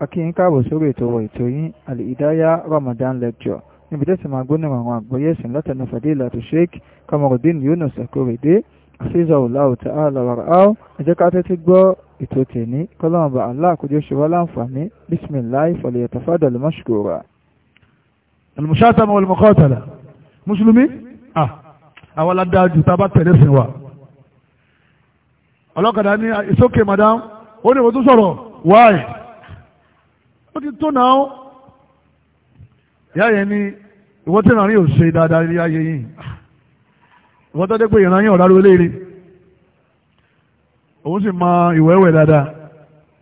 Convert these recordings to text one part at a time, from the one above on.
akíyín káàbọ̀ sórí ètò ọ̀rọ̀ ètò yín àlìdáyà Ramadan lecture níbi tẹ́sí máa gbóná àwọn àgbọ̀yé ẹ̀sìn látẹnu Fadilatu Sheikh Kamarudin Yunus Akorede àfihàn ọ̀làwọ̀ tá a lọ rà áwọ̀ ẹ jẹ́ ká tẹ́tí gbọ́ ètò tèmi kọ́lọ́mọba aláàkójọ ṣe wá láǹfààní bisimilahi falyatafadal mashkura. al-mushatama wal-muqatala mùsùlùmí àwọn aládájú ó ti tó náà ìyá yẹn ni ìwọ́n tí ìrànlẹ́ yóò ṣe dáadáa ilé ayé yìí ìwọ́n tó dé pé ìrànlẹ́ yóò rárá olóore òun sì mọ ìwẹ́wẹ́ dáadáa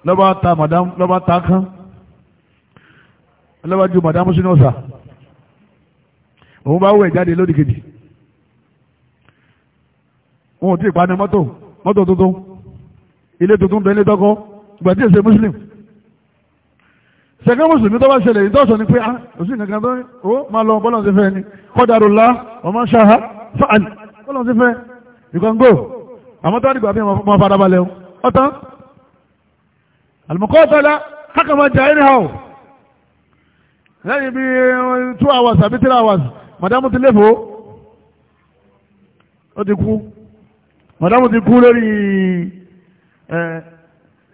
lọ́ba ta madam lọ́ba ta kán lọ́ba ju madam sínú ọ̀sà òun bá wẹ̀ jáde lódì kejì wọn ò tí ì pa ní mọ́tò mọ́tò tuntun ilé tuntun bẹ́ẹ̀ ní tọ́kọ́ ìgbà tí èsè muslim ṣẹ̀kẹ́ mùsùlùmí tó bá ṣẹlẹ̀ yìí tọ́sọ̀ ni pé ah òsì nìkan tó ó oh, máa lọ bọ́lọ̀ sí fẹ́ ni qadarullah wa ma sha'a fa'al bọ́lọ̀ sí fẹ́ you can go àmọ́ tó dìgbà bí wọ́n fara balẹ̀ o ọ̀tán al-muqatala kákan máa jẹ ẹni ha o lẹ́yìn bí two hours àbí three hours màdámù ti léfò ó ti kú màdámù ti kú lórí ẹ eh,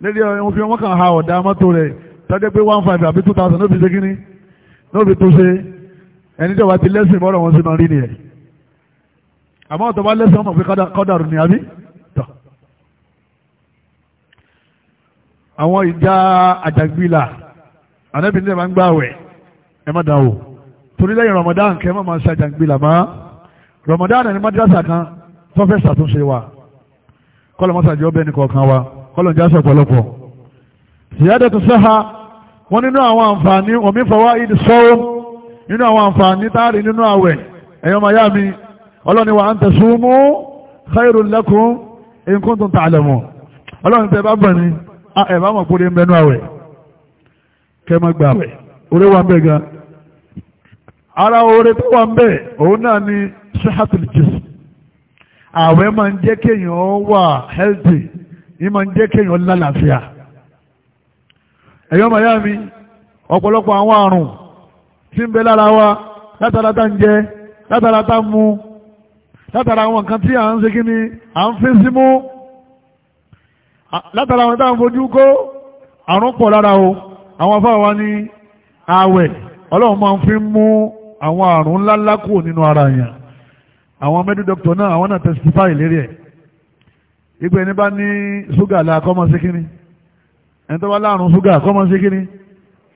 lórí ohun eh, fi wọn kàn ha ọ̀dà mọ́tò rẹ̀ tọ́jẹ́ pé one five àbí two thousand ló fi ṣe kíní ló fi tó ṣe ẹni tí wàá ti lẹ́sìn bọ́rọ̀ wọn sínú rí nìyẹn àmọ́ ọ̀tọ̀ bá lẹ́sìn ọmọ pé kọ́dàrú ni àbí tọ̀ àwọn ìjà àjàgbìlà ànábì ní ẹ̀ máa ń gbà wẹ̀ ẹ má dà o torí lẹ́yìn Ramadan kẹ́ ẹ má máa ṣe àjàgbìlà mọ́ Ramadan ẹni madrasa kan tó fẹ́ ṣàtúnṣe wa kọ́lọ̀ mọ́sàájọ́ bẹ́ẹ̀ ni kọ̀ọ̀kan wa kọ́lọ̀ ń já sọ̀pọ̀lọpọ̀ ziyadatu saha wọ́n nínú àwọn àǹfààní omi fọwọ́ ìdí sọ́wọ́ nínú àwọn àǹfààní táàrí nínú àwẹ̀ ẹ̀yọ́ maya mi ọlọ́ni wa an tasumu khairul lakum in kuntum ta'lamun ọlọ́ni tẹ bá bẹ̀ ara orí tó wà ń bẹ̀ òun náà ni sihatul jism healthy ní máa ń ẹ̀yọ́ miami ọ̀pọ̀lọpọ̀ àwọn àrùn tí ń bẹ lára wa látara tá ń jẹ látara tá ń mu látara àwọn nǹkan tí à ń ṣe kí ni à ń fi sí mú látara àwọn tá ń fojú kó àrùn pọ̀ lára o àwọn afáà wa ní ààwẹ̀ ọlọ́run máa ń fi mú àwọn àrùn ńláńlá kù nínú ara yẹn àwọn mẹ́dù dọ́kítọ̀ náà àwọn náà testify lérí ẹ̀ ìgbẹ́ ẹni bá ní ṣúgà làkọ́mọ́ sí kí ni ẹni tó bá láàrùn ṣúgà kọ́ máa ń ṣe kí ni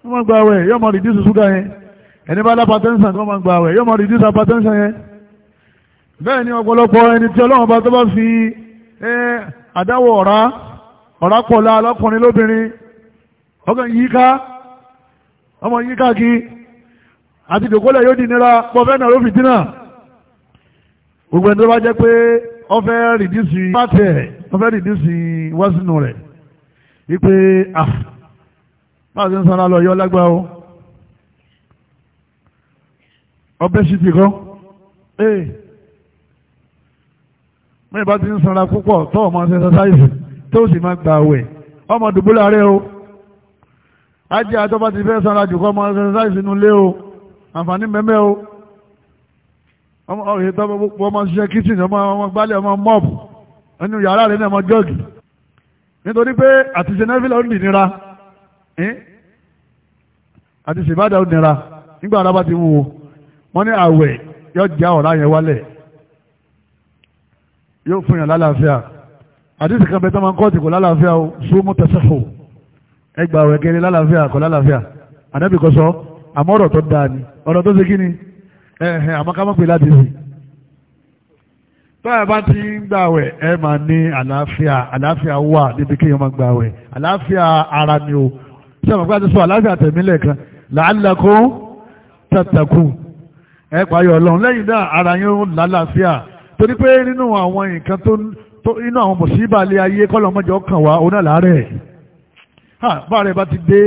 wọ́n máa ń gba àwẹ̀ yóò máa rìdíṣù ṣúgà yẹn ẹni bá lápàtẹ́ǹsàn kọ́ máa gba àwẹ̀ yóò máa rìdíṣù àpàtẹ́ǹsàn yẹn bẹ́ẹ̀ ni ọ̀pọ̀lọpọ̀ ẹni tí ọlọ́run bá tó bá fi àdáwọ̀ ọ̀rá ọ̀rá pọ̀lá lọ́kùnrin lóbìnrin ọkàn yíká ọmọ yíká kí àti ìdòkólẹ̀ yóò di nira pọ̀fẹ́ náà ló fi dínà gbogbo ẹni tó bá jẹ́ pé ó fẹ́ rìdíṣì pàtẹ́ ó rẹ̀ wípé ah máa ṣe ń sanra lọ yọ lágbá o ọbẹ̀ sì ti kọ́ ee mẹ́rin bá ti ń sanra púpọ̀ tó ọmọ ṣe ṣaṣáìsì tó sì máa gbà wẹ̀ ọmọ dùbúlà rẹ o ajé àtọ́bá ti fẹ́ sanra jù kọ́ ọmọ ṣe ṣaṣáìsì nulẹ̀ o àǹfààní mẹ́mẹ́ o ọmọ ọ̀rẹ́ tọ́ ọmọ ṣiṣẹ́ kìtìnì ọmọ gbálẹ̀ ọmọ mọ́ọ̀bù ẹnu yàrá rẹ̀ náà ọmọ jọ́ọ̀gì nítorí pé àti ṣe náfìlà ó nira àti ṣe ìbádà ó nira nígbà ara bá ti wúwo wọ́n ní àwẹ̀ yóò já ọ̀rá yẹn wálẹ̀ yóò fún yàn lálàáfíà àdìsí kan bẹ tó máa ń kọ́ọ̀tì kò lálàáfíà o súnmú tẹsẹ̀fò ẹgbà ọ̀rẹ́ kẹrin lálàáfíà kò lálàáfíà ànábì àmọ́ ọ̀rọ̀ tó dáa ni ọ̀rọ̀ tó ṣe kí ni ẹ̀hẹ̀ àmọ́ ká má pè ládìsí bẹ́ẹ̀ bá ti ń gbàwẹ̀ ẹ máa ní àlàáfíà àlàáfíà wà níbi kí èèyàn máa gbàwẹ̀ àlàáfíà ara ni o ṣé àwọn àgbà sọ àlàáfíà tẹ̀mí lẹ́ẹ̀kan la'allakum tattaqun ẹ pààyọ ọlọ́run lẹ́yìn náà ara yín ó lálàáfíà torí pé nínú àwọn nǹkan tó inú àwọn mùsíbà lé ayé kọ́lọ̀ mọ́jọ kàn wá oná làárẹ̀ bá rẹ̀ bá ti dé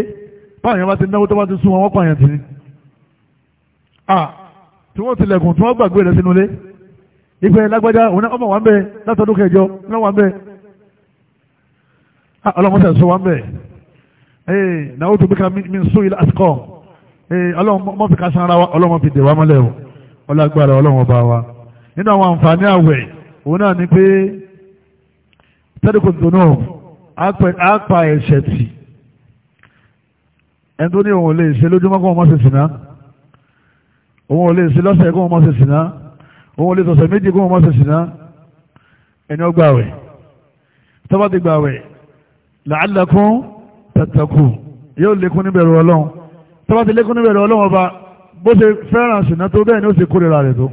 báyọ̀ bá ti náwó tó bá ti sún wọn wọ́n pààyàn tì ìgbẹ́ lágbájá òun náà ọmọ wa ń bẹ látọdún kẹjọ náà wa ń bẹ ah, ọlọ́run sẹ̀ sọ wa ń bẹ ee náà ó tó bí ká mi sún ilé àtikọ́ ee ọlọ́run mọ́ fi ká sanra wa ọlọ́run fi dè mọ́lẹ̀ o ọlágbára ọlọ́run ọba wa nínú àwọn àǹfààní àwẹ̀ òun náà ni pé tẹ́lifù dùnú á pa ẹ̀ṣẹ̀ tì ẹni tó ní òun ò lè ṣe lójúmọ́ kó wọn mọ́ ṣe sìnà òun ò lè ṣe lọ́sẹ̀ kó wọn mọ́ ṣe sìnà òun lè sọ̀sẹ̀ méjì kó wọn mọ́sẹ̀ sí náà ẹni ọgbà wẹ̀ tọ́ba ti gbà wẹ̀ làálàkún tàtàkù yóò lékún níbẹ̀rù ọlọ́run tọ́ba ti lékún níbẹ̀rù ọlọ́run ọba bó ṣe fẹ́ràn sí tó bẹ́ẹ̀ ni ó ṣe kórìíra rẹ̀ tó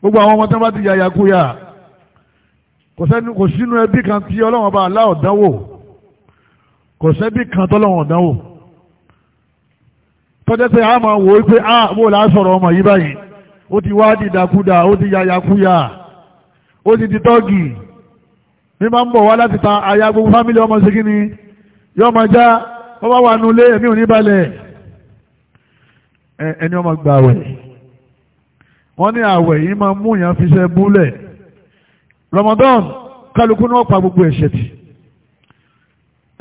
gbogbo àwọn ọmọ tí wọ́n bá ti kò sẹ́ni kò sínú ẹbí kan tí ọlọ́run ọba aláwọ̀ dánwò kò sẹ́bí kan tọ́lọ́run dánwò tọ́jẹ́ pé a wò ó pé ah, a wò láásọ̀rọ̀ ọmọ yìí báyìí ó ti wá dìdàkudà ó ti yàyàkuyà ó ti di tọ́gì ní máa ń bọ̀ wá láti ta àyà gbogbo fámílì ọmọ sí kíni yóò máa já ó bá wà nulẹ̀ èmi ò ní balẹ̀ ẹni ọmọ gbà àwẹ̀ wọ́n ní àwẹ̀ yìí máa mú yàn fi ṣe búlẹ̀ Ramadan kálukú ní wọ́n pa gbogbo ẹ̀ṣẹ̀ tì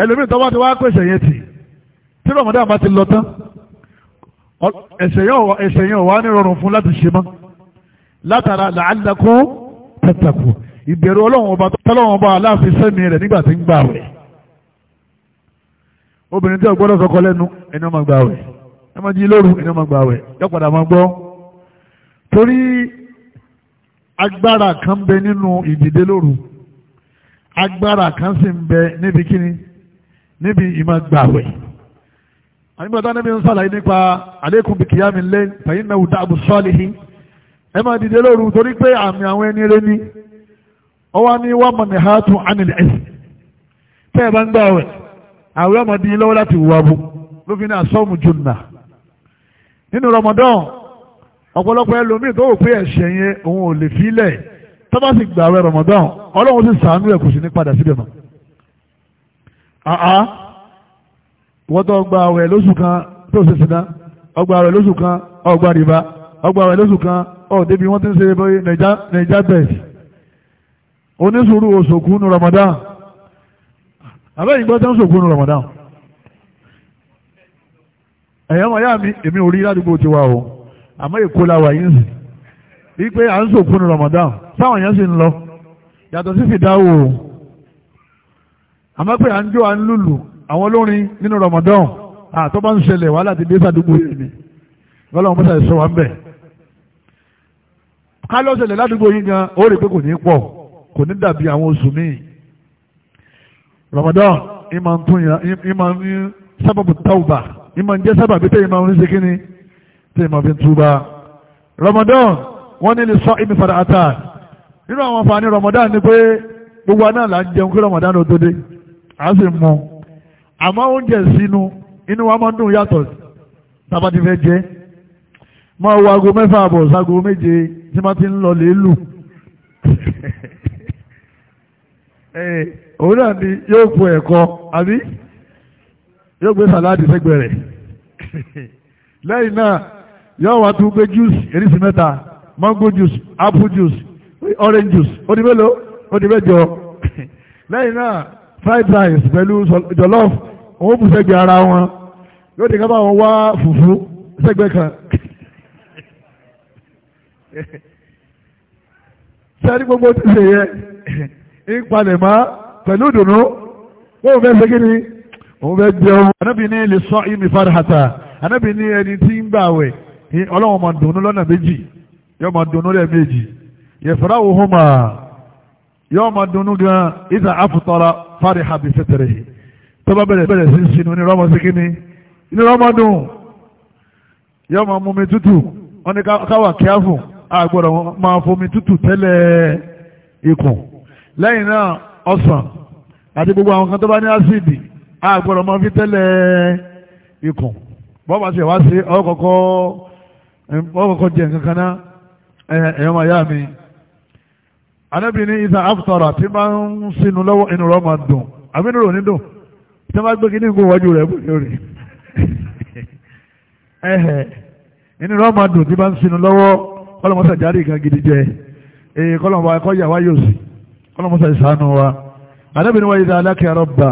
ẹlòmíràn tó wá ti wá pèsè yẹn tì tí Ramadan bá ti lọ tán ẹ̀sẹ̀ yẹn wà ní rọrùn fún láti ṣe mọ́ látara làálàkó tẹ̀tàkù ìbẹ̀rù ọlọ́run ọba tọ́lọ́run ọba aláàfin sẹ́mi rẹ̀ nígbà tí ń gbà wẹ̀ obìnrin tí ó gbọ́dọ̀ sọkọ lẹ́nu ẹni ọmọ gbà wẹ̀ ẹ máa jí lóru ẹni ọmọ gbà wẹ̀ yọ padà máa gbọ́ torí agbára kan ń bẹ nínú ìdìde lóru agbára kan sì ń bẹ níbi kíni níbi ìmọ̀ gbà wẹ̀ àníbàtà níbi ń sàlàyé nípa àlékún bí kìyàmì lé fẹ̀yìn náà dá àbù sọ́ọ̀lìhì ẹ máa dìde lóru torí pé àmì àwọn ẹni rẹ ni ọwọ́ ní wà mọ̀ ní hàtù ánìlẹ̀ ẹ̀sìn tẹ́ ẹ bá ń gbà wẹ̀ àwẹ̀ ọmọdé yìí lọ́wọ́ láti wà bù lófin náà sọ́ọ̀mù jùnà nínú Ramadan ọ̀pọ̀lọpọ̀ ẹlòmíì tó wò pé ẹ̀ṣẹ̀ yẹn òun ò lè fílẹ̀ tó sì gbàwẹ̀ Ramadan Ọlọ́run sì sàánú ẹ̀ kò sí ní padà síbẹ̀ mọ́ wọ́n tó gba kan tó ṣe ṣìdá ọgbà àwẹ̀ lóṣù kan ọgbà rìbá ọgbà àwẹ̀ lóṣù kan ọ̀dẹ́bí wọ́n ti ń ṣe nàìjá bẹ̀ẹ̀sì òṣòkú Ramadan abẹ́yìn gbọ́ tán Ramadan ẹ̀yọ́ wọn yá mi èmi ò rí ládùúgbò ti wà o àmọ́ èkó la wà yín sí à ń Ramadan sáwọn yẹn sì ń lọ yàtọ̀ o àmọ́ pé à àwọn olórin nínú Ramadan àtọ́ bá ń ṣẹlẹ̀ wà láti dé sàdúgbò yìí ni ọlọ́run mọ́sà ìṣọ́ wa ń bẹ̀. ká ló ṣẹlẹ̀ ládùúgbò yìí gan ó rí pé kò ní pọ̀ kò ní dàbí àwọn oṣù míì Ramadan ìmọ̀ ń tún yàn ìmọ̀ ń sábàbù tàwùbà ìmọ̀ ń jẹ́ sábàbí tẹ́ ìmọ̀ ń ṣe kíni tẹ́ ìmọ̀ fi ń túbà Ramadan wọ́n ní lè sọ ìmì fara ata nínú àwọn àǹfààní Ramadan ni pé gbogbo aná là Ramadan ó tó àmọ́ oúnjẹ sínú inú wa máa ń dùn yàtọ̀ tábàtí fẹ́ jẹ́ máa wo aago mẹ́fà àbọ̀ sago méje tí máa ti ń lọ lèélù eh, òun náà ni yóò po ẹ̀kọ́ àbí yóò gbé sàláàdì sẹ́gbẹ̀ẹ́ rẹ̀ lẹ́yìn náà yóò wá tún gbé juice eríṣi mẹ́ta mango juice apple juice orange juice ó di mélòó ó mẹ́jọ lẹ́yìn náà fried rice pẹ̀lú jollof wọ́n bù sẹ́gbẹ̀ ara wọn yóò kábà wọn wá fùfú kan sẹ́ni gbogbo ti ṣe yẹ pẹ̀lú ìdùnnú wọ́n fẹ́ ṣe kí ni fẹ́ jẹun. sọ ẹni tí ń wẹ̀ lọ́nà méjì yóò máa dunnú gan ìdá àfùtọ́ra fari ha fẹ́tẹ̀rẹ̀ setere tó bá bẹ̀rẹ̀ bẹ̀rẹ̀ si sinú ní rọ́mọ sí kíní ní rọ́mọ dùn ma mu mú tutu tútù wọ́n ní káwà kíáfù àgbọ̀dọ̀ máa fomi tutu tẹ́lẹ̀ ikùn lẹ́yìn náà ọsàn àti gbogbo àwọn kan tó bá ní ásíìdì àgbọ̀dọ̀ fi tẹ́lẹ̀ wá sí náà yá anábì ní isa aftara tí bá ń sinú lọ́wọ́ inú rọ́ máa dùn àbínú rò ní dùn tí wọ́n gbé kí ní nǹkan wájú rẹ̀ bóyá rè ẹ̀hẹ̀ inú rọ́ máa dùn tí bá ń sinú lọ́wọ́ kọ́lọ́mọ́sà járí kan gidi jẹ ee kọ́lọ́mọ́sà kọ́yà wá yóò sí kọ́lọ́mọ́sà ìsànú wa anábì ní wọ́n isa alákẹ́ rọ́bà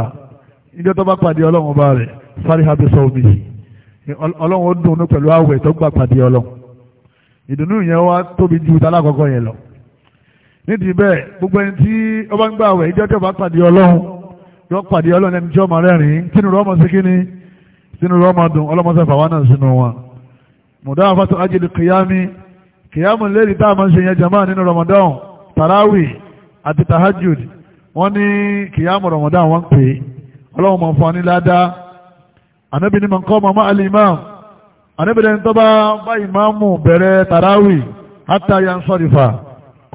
níjọ́ tó bá pàdé ọlọ́run ọba rẹ̀ fariha bí sọ omi ọlọ́run ó dùn pẹ̀lú àwẹ̀ tó gbà pàdé ọlọ́run ìdùnnú yẹn wá tóbi ju tálákọ̀ọ́kọ́ yẹn lọ nídìí bẹ́ẹ̀ gbogbo ẹni tí ó bá ń gbà wẹ̀ ìjọ́ tí ó bá pàdé ọlọ́run yọ pàdé ọlọ́run ẹni tí ọmọ rẹ́rìn sínú rọ́mọ sí kíní sínú rọ́mọ dùn ọlọ́mọsẹ̀ fàwa náà sínú wọn. mùdá àfàtò ajílì kìyàmí kìyàmù lẹ́rì tá a máa ń ṣe yẹn jama nínú ramadan tarawi àti tahajud wọ́n ní kìyàmù ramadan wọ́n pè é ọlọ́run máa fọ́ ní ládàá ànábì ni mọ̀nkọ́ mọ̀mọ́ alimam ànábì lẹ́ni tó bá bá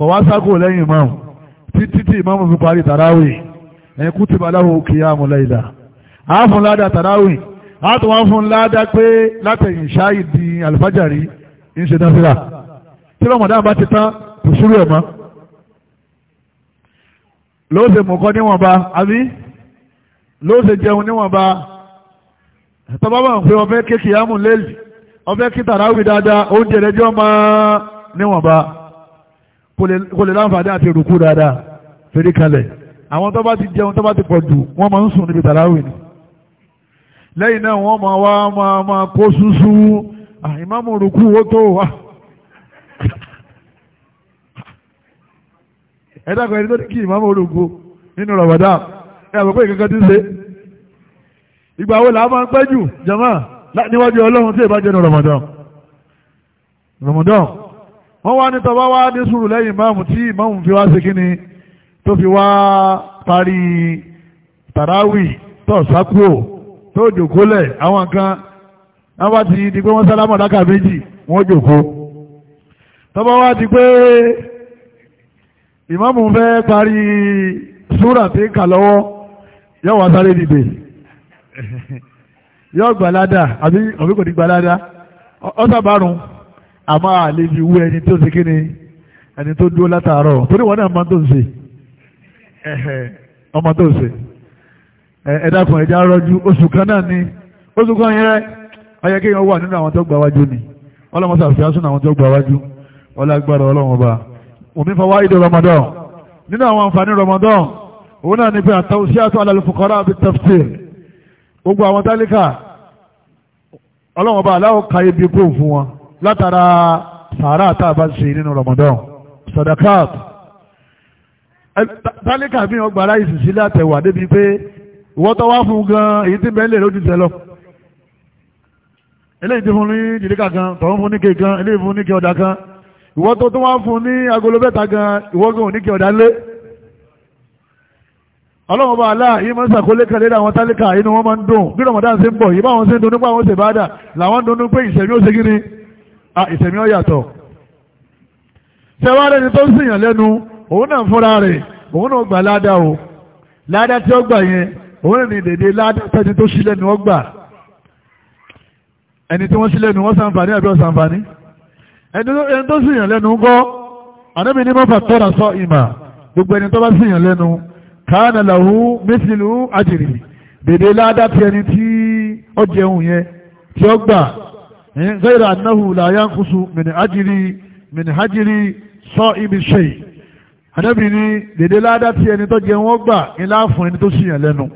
kọ̀ wá sákò lẹ́yìn ìmáàmù títí tí ìmáàmù fi parí tàráwì ẹ̀yìn kú ti bá láwọ̀ òkè àmú lẹ́ìdá a fún ládà tàráwì a tó wá fún ládà pé látẹ̀yìn ṣáì di alifájàrí ń ṣe náfíà tí rọmọdá bá ti tán kò ṣúrú ẹ̀ mọ́ ló ṣe mọ̀kọ́ níwọ̀nba àbí ló ṣe jẹun níwọ̀nba tọ́ba bá ń pè ọfẹ́ kéèkì àmú lẹ́lì ọfẹ́ kí tàráwì dáadáa oúnjẹ rẹ̀ jọ máa kò lè láǹfààní àti rùkú dáadáa fèrè kalẹ̀ àwọn tó bá ti jẹun tó bá ti pọ̀ jù wọ́n máa ń sùn níbi tàláwì ni lẹ́yìn náà wọ́n máa wá máa máa kó súnsú ìmáàmù rùkú ó tó wà ẹ̀dàkọ̀ ẹni tó kí ìmáàmù rùkú nínú rọ̀bọ̀dá ẹ̀bọ̀ pé ìkankan ti ṣe ìgbà wo làá máa ń pẹ́ jù jàmáà níwájú ọlọ́run tí ìbá jẹ́ nínú rọ̀mọ̀dán rọ̀mọ̀dán wọ́n wá ní tọba wá ní sùúrù lẹ́yìn ìmáàmù tí ìmáàmù fi wá sí kíni tó fi wá parí tàráwì tó sákúò tó jòkólẹ̀ àwọn kan wọ́n bá ti di pé wọ́n sálámọ̀ dákà méjì wọ́n jòkó tọba wá di pé ìmáàmù fẹ́ parí súrà tí kà lọ́wọ́ yóò wá sáré dìde yóò gbàládà àbí kò ní gbàládà ọ́sàbárùn-ún a máa lè fi wú ẹni tó ṣe kí ni ẹni tó dúró látàárọ̀ torí wọn náà máa tó ń ṣe ọmọ tó ń ṣe ẹ ẹ̀já rọ́jú oṣù kan náà ni oṣù kan yẹn ọyẹ kí wọ́n wà nínú àwọn tó gbà wájú ni ọlọ́mọ sàfihàn sún àwọn tó gbà wájú ọlágbára ọlọ́wọ́n ba òmí fọwọ́ ìdè Ramadan nínú àwọn àǹfààní Ramadan òun náà ni pé àtàwọn sí àtọ́ alálùfọkọ́rá àbí tafsir gbogbo àwọn tálíkà ọlọ́wọ́n ba aláwọ̀ ka ibi kó fún wọn látara sàárà tá a bá ṣe nínú Ramadan sadakat tálíkà mi ò gba ráìsì sílẹ̀ àtẹ̀wà débi pé ìwọ́tọ́ wá fún gan èyí tí bẹ́ẹ̀ lè lójú tẹ lọ eléyìí ti fún ní jìdíkà kan tọ̀hún fún níke kan eléyìí fún níke ọ̀dà kan ìwọ́ tó tó wá fún ní agolo bẹ́ta gan ìwọ́gùn níke ọ̀dà lé ọlọ́run bá aláà yìí máa ń sàkólé kan lédè àwọn tálíkà inú wọn máa ń dùn bí rọmọdá ṣe ń bọ̀ yìí báwọn ṣe ń dunú pé àwọn ṣèbádà làwọn ń dunú pé ó ṣe ni ìsẹ̀mí ó yàtọ̀ tẹwàá ẹni tó ń sèyàn lẹ́nu òun náà fúnra rẹ̀ òun náà gbà ládàá o ládàá tí ó gbà yẹn òun ní dèdè ládàá tẹ́ni tó sí lẹ́nu ó gbà ẹni tí wọ́n sí lẹ́nu wọ́n sàǹfààní àbí ọ̀sàǹfààní ẹni tó sèyàn lẹ́nu gọ́ ànábì ní mọ́fà tọ́ra sọ ìmà gbogbo ẹni tó bá sèyàn lẹ́nu káàna làwù mẹ́sìlú àjèrè dèdè ládàá tí ẹni tí ó jẹun yẹn tí ó gbà غير أنه لا ينقص من أجل من أجل صائم شيء Ànábì ní dèdè ládá tí ẹni tó jẹun ó gbà ní láàfún ẹni tó síyàn lẹ́nu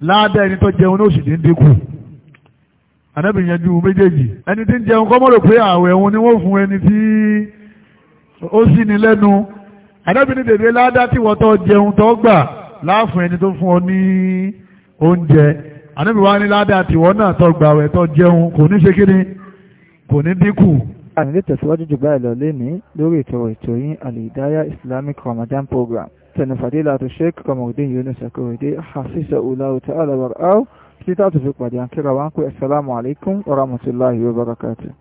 ládá ẹni tó jẹun ó sì dín dínkù Ànábì yanjú méjèèjì ẹni tí ń jẹun kọ́ mọ́rò pé ààwẹ̀ òun ni wọ́n fún ẹni tí ó sì ní lẹ́nu Ànábì ní dèdè ládá tí wọ́n tó jẹun tó gbà láàfún ẹni tó fún ọ ní oúnjẹ Ànábì wá ní ládá tí wọ́n náà tó gbà wẹ̀ tó jẹun kò ní ṣe kí ni kò ní dínkù. àmì lè tẹ̀síwájú jù báyìí lọ lénìí lórí ìtọ̀rọ̀ ètò yín àlèdáyà islamic ramadan program tẹnu fàdílà tó sheik kamaldin yunus akorede hasisa ulawu ta'ala warau títà tó fi pàdé àkírà wa ń pè assalamu alaikum wa rahmatullahi wa barakatuh.